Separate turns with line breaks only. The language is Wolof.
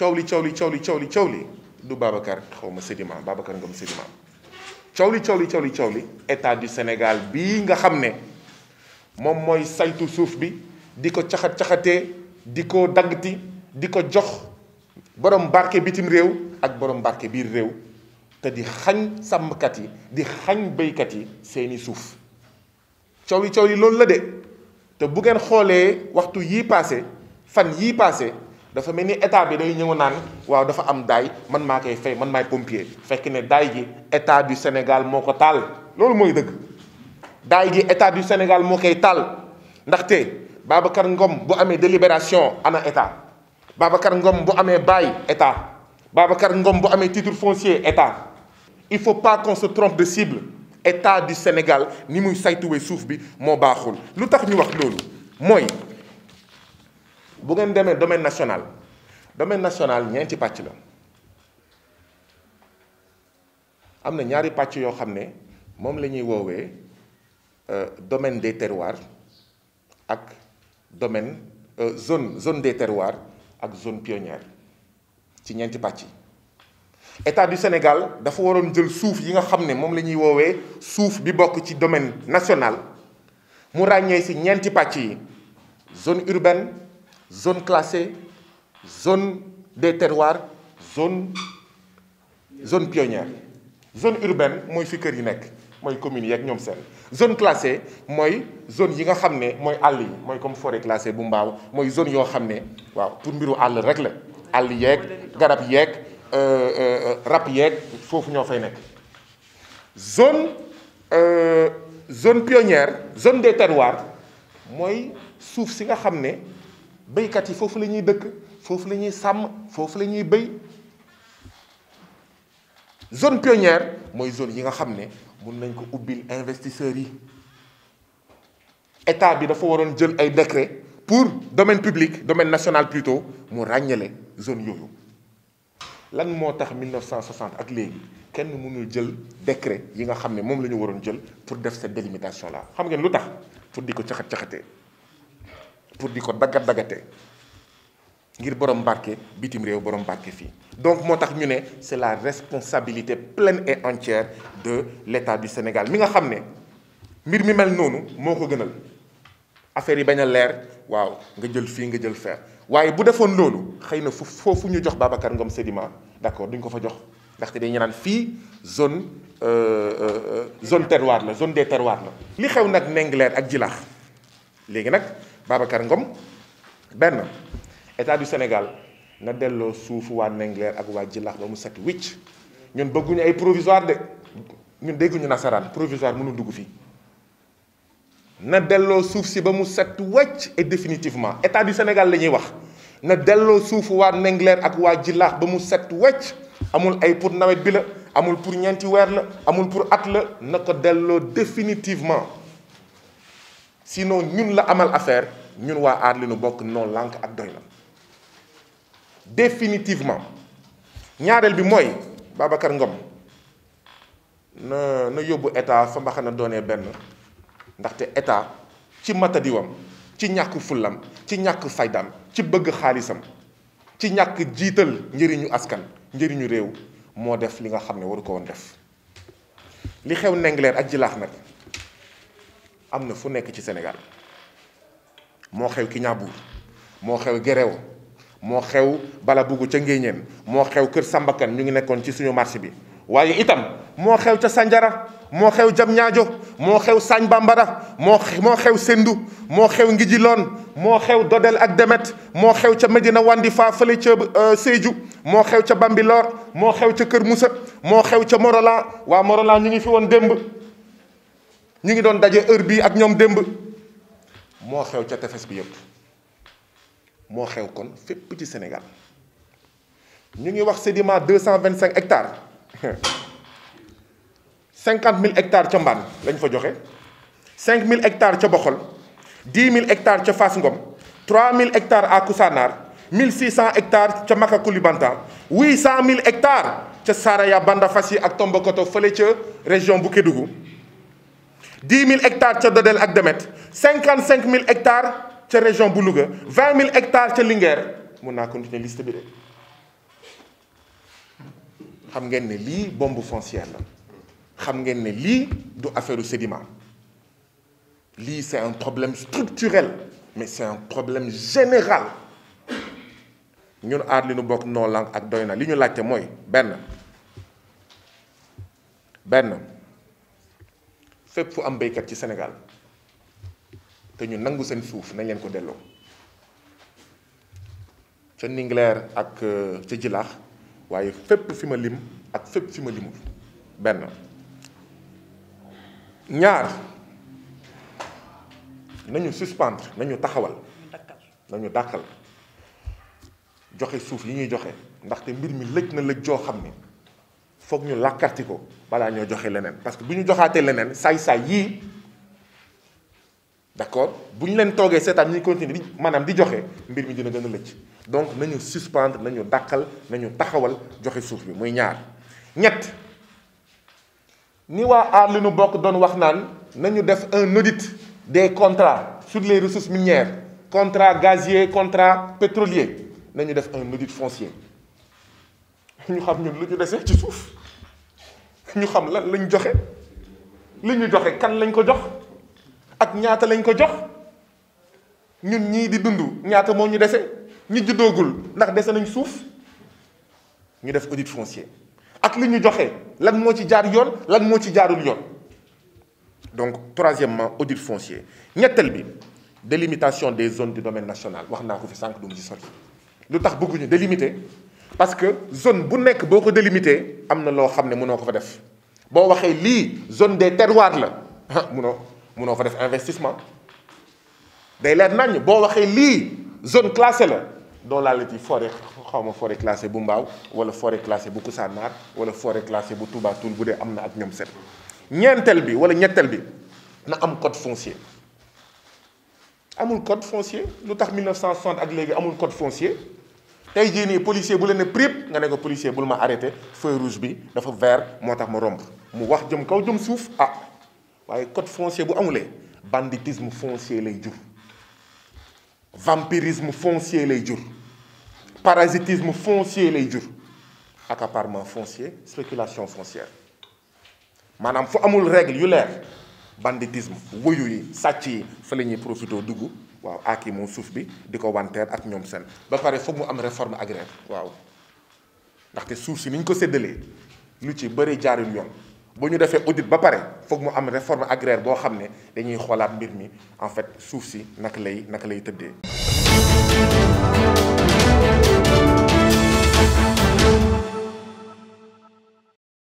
coow li coow li coow li coow li coow li du Babacar xaw ma Sédima Babacar Ngom Sédima coow li coow li coow li coow li état du Sénégal bii nga xam ne moom mooy saytu suuf bi di ko caxat caxatee di ko daggti di ko jox borom barke bitim réew ak borom barke biir réew te di xañ sàmmkat yi di xañ béykat yi seeni suuf coow li coow li loolu la de te bu ngeen xoolee waxtu yi paase fan yi paase. dafa mel état bi day ñëw naan waaw dafa am daay man maa koy fay man maay pompier fekk ne daay ji état du Sénégal moo ko taal loolu mooy dëgg daay ji état du Sénégal moo koy taal ndaxte Babacar Ngom bu amee délibération ana état Babacar Ngom bu amee bail état Babacar Ngom bu amee titre foncier état il faut pas qu'on se trompe de cible état du Sénégal ni muy saytuwee suuf bi moo baaxul lu tax ñu wax loolu mooy vous ngeen demee domaine national domaine national n'y a pas de ñaari ne euh, domaine des terroirs et domaine euh, zone zone des terroirs ak zone pionnière ci état du Sénégal dafa waroon jël yi ne domaine national mu si n'y zone urbaine zone classée, zone des terroirs, zone, zone pionnière. Zone urbaine, mooy fi kër yi commune zone classée la zone yi nga xam la comme classée zone qui est waaw pour mbiru rek la àll euh, euh, zone euh, zone pionnière zone des terroirs c'est si béykat yi foofu la ñuy dëkk foofu la ñuy sàmm foofu la ñuy zone pionnière mooy zone yi nga xam ne mun nañ ko ubbil investisseurs yi état bi dafa waroon jël ay décret pour domaine public domaine national plutôt mu ràññale zone yooyu lan moo tax 1960 ak léegi kenn mënul jël décret yi nga xam ne moom la ñu waroon jël pour def cette délimitation là xam ngeen lu tax pour di ko caxat caxatee pour diko ko daggat ngir borom barké bitim réew borom barké fi donc motax ñu né c'est la responsabilité pleine et entière de l'État du Sénégal mi nga xamné mbir mi mel noonu moko gënal affaire yi baña lèr leer waaw nga jël fi nga jël fer waye bu defoon lolu xeyna fofu ñu jox Babacar Ngom Sedima d'accord duñ ko fa jox ndaxte dañu naan fi zone euh, euh, euh, zone terroir la zone des terroirs la li xew nak nengler ak Djilakh légui nak Babacar Ngom Ben, état du Sénégal na dello soufou waa Nengler ak waa Jilax ba mu set ñun provisoire de ñun dégguñu nasaran provisoire mënu dugg fi na dello si ba mu set et définitivement état du Sénégal le wax na à soufou waa Ndingler ak waa set wetch, amul ay pour nawet bi la amul pour ñenti weer amul pour at la nako dello définitivement sinon ñun la amal affaire. ñun waa aar li nu bokk non lànk ak doy na définitivement ñaareel bi mooy Babacar Ngom na na yóbbu état fa mbaxana doonee benn ndaxte état ci matadiwam ci ñàkk fullam ci ñàkk faydam ci bëgg xaalisam ci ñàkk jiital njëriñu askan njëriñu réew moo def li nga xam ne waru ko woon def li xew Ndingler ak Jilaax nag am na fu nekk ci Sénégal moo xew ki Kiñaabuur moo xew Géréo moo xew bala bugg ca Ngéeñeen moo xew Kër Sambakan ñu ngi nekkoon ci suñu marché bi waaye itam moo xew ca sànjara moo xew jam ñaajo moo xew Sañ Bambara moo moo xew Sendu moo xew loon moo xew Dodel ak Demet moo xew ca Medina Wandifa fële ca Sédhiou moo xew ca Bambilor moo xew ca Kër Moussa moo xew ca Morolan waa Morolan ñu ngi fi woon démb ñu ngi doon daje heure bii ak ñoom démb Moi, Je ca tefes bi yëpp moo xew kon sénégal Nous avons sédiments sédiment 225 hectares 50 000 hectares de Chamban, 5 000 hectares de boxol 10 000 hectares de Fasungom, 3 000 hectares à kusanar 1 600 hectares de maka Banta, 800 000 hectares de saraya banda fas et ak tombokoto région Boukédougou. 10 000 hectares chez Dadel et Demet cinquante hectares la région Boulouga, 20 000 hectares Linger. Je continuer liste bombe foncière la sédiment c'est un problème structurel mais c'est un problème général ñun nous li que nous langue fépp fu am béykat ci Sénégal te ñu nangu seen suuf nañ leen ko delloo ca Ndingler ak euh, ca Jilax waaye fépp fi ma lim ak fépp fi ma limul benn ñaar nañu suspendre nañu taxawal nañu dàkkal joxe suuf yi ñuy joxe ndaxte mbir mi lëj na lëj joo xam ni foog ñu làkkati voilà nous ñoo les leneen parce que bu ñu joxaatee leneen saay ça y, d'accord bu ñu leen toogee seetaan ñu continuer di maanaam di joxe mbir mi dina gën a lëcc donc nañu suspendre nañu dàqal nañu taxawal joxe suuf bi muy ñaar ñett ni wa aar li nu bok doon wax naan nañu def un audit des contrats sur les ressources minières contrat gazier contrat pétrolier nañu def un audit foncier ñu xam ñun lu ci déssé ci souf ñu xam lan lañ joxe nous kan lañ ko jox ak ñaata lañ ko jox ñun ñii di dund ñaata moo ñu dese ñu juddoogul ndax dese nañ suuf ñu def audit foncier ak donc troisièmement audit foncier ñetteel bi délimitation des zones du domaine national wax naa ko fi sànq parce que zone bu nek boko délimité amna lo xamné xam ko fa def bo waxé li zone des terroirs la ah mënoo fa def investissement day lèr nañ bo waxé li zone classée la dans la ci forêt xawma forêt classée bu Mbaaw wala forêt classée bu Koussanar wala forêt classée bu Touba Toul budé amna ak ñom seen ñentel bi wala ñettel bi na am code foncier amul code foncier lu tax 1960 ak légui amul code foncier tey jii nii policier bu la ne prip nga ne ko policier bul ma arrêté feu rouge bi dafa vert moo tax ma romb mu wax jëm kaw jëm suuf ah waaye code foncier bu amulee banditisme foncier lay jur vampirisme foncier lay jur parasitisme foncier lay jur accaparement foncier spéculation foncière maanaam fu amul règle yu leer banditisme wuyu yi sàcc yi fa la ñuy profité dugg waaw aaki moom suuf bi di ko wanteer ak ñoom seen ba pare foog mu am réforme agraire waaw ndaxte suuf si ni ñu ko séddalee lu ci bëri jaarul yoon bu ñu defee audit ba pare foog mu am réforme agraire boo xam ne dañuy xoolaat mbir mi en fait suuf si naka lay naka lay tëddee